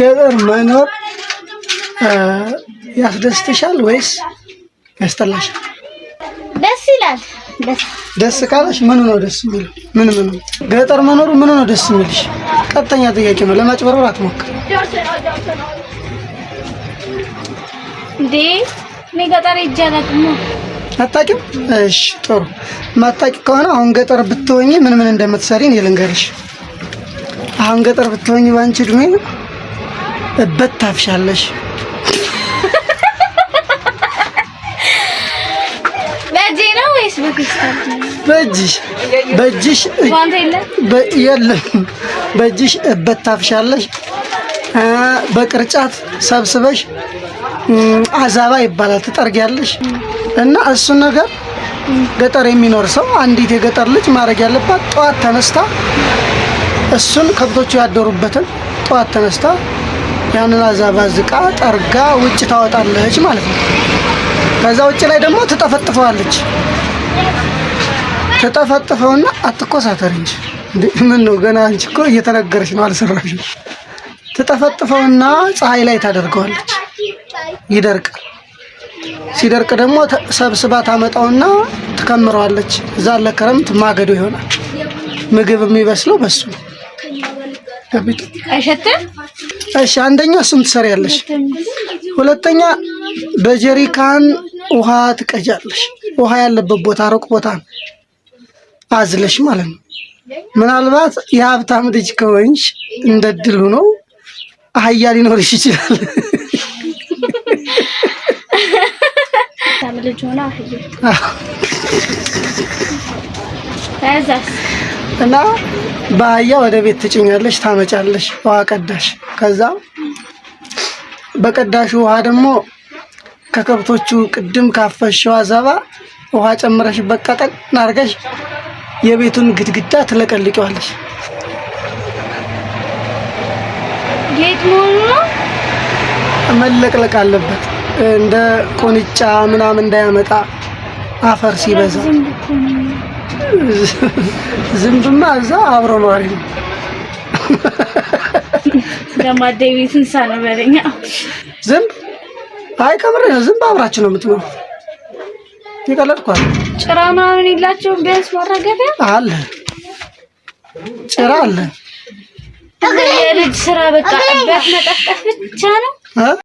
ገጠር መኖር ያስደስትሻል ወይስ ያስጠላሻል? ደስ ይላል። ደስ ካለሽ ምኑ ነው ደስ የሚለው? ምን ምን ገጠር መኖሩ ምኑ ነው ደስ የሚልሽ? ቀጥተኛ ጥያቄ ነው። ለማጭበርበር አትሞክር እንዴ። እኔ ገጠር ሂጅ አላውቅም። አታውቂም? እሺ ጥሩ። ማታውቂ ከሆነ አሁን ገጠር ብትሆኚ ምን ምን እንደምትሰሪ እኔ ልንገርሽ። አሁን ገጠር ብትሆኚ ባንቺ እድሜ እበት ታፍሻለሽ። በእጅሽ በእጅሽ የለም በእጅሽ እበት በቅርጫት ሰብስበሽ አዛባ ይባላል ትጠርጊያለሽ። እና እሱን ነገር ገጠር የሚኖር ሰው አንዲት የገጠር ልጅ ማድረግ ያለባት ጠዋት ተነስታ እሱን ከብቶቹ ያደሩበትን ጠዋት ተነስታ ያንን አዛባዝቃ ጠርጋ ውጭ ታወጣለች ማለት ነው። ከዛ ውጭ ላይ ደግሞ ትጠፈጥፈዋለች። ተጠፈጥፈውና አትኮሳተር እንጂ ምን ነው ገና አንቺ እኮ እየተነገረች ነው አልሰራሽ። ትጠፈጥፈውና ፀሐይ ላይ ታደርገዋለች። ይደርቃል። ሲደርቅ ደግሞ ሰብስባ ታመጣውና ትከምረዋለች። እዛ ለክረምት ማገዶ ይሆናል። ምግብ የሚበስለው በሱ ነው። እሺ፣ አንደኛ እሱን ትሰሪያለሽ፣ ሁለተኛ በጀሪካን ውሃ ትቀጃለሽ። ውሃ ያለበት ቦታ ሩቅ ቦታ አዝለሽ ማለት ነው። ምናልባት የሀብታም ልጅ ከሆንሽ እንደ ድል ሆኖ አህያ ሊኖርሽ ይችላል። ልጅ አህያ እና በአህያ ወደ ቤት ትጭኛለሽ፣ ታመጫለሽ ውሃ ቀዳሽ። ከዛ በቀዳሽ ውሃ ደግሞ ከከብቶቹ ቅድም ካፈሸዋ ዘባ ውሃ ጨምረሽ በቃ አድርገሽ የቤቱን ግድግዳ ትለቀልቀዋለሽ። ጌጥ መለቅለቅ አለበት እንደ ቁንጫ ምናምን እንዳያመጣ አፈር ሲበዛ ዝንብማ እዛ አብሮ ነዋሪ ነው። ለማደይ ቤት እንሳ ነው በለኛ ዝንብ። አይ ከምሬ ነው። ዝንብ ነው የምትኖሩ? የቀለድኳል። ጭራ ምናምን የላቸውም? ቢያንስ ማራገፊያ አለ፣ ጭራ አለ። የልጅ ስራ በቃ እባት መጠፍጠፍ ብቻ ነው።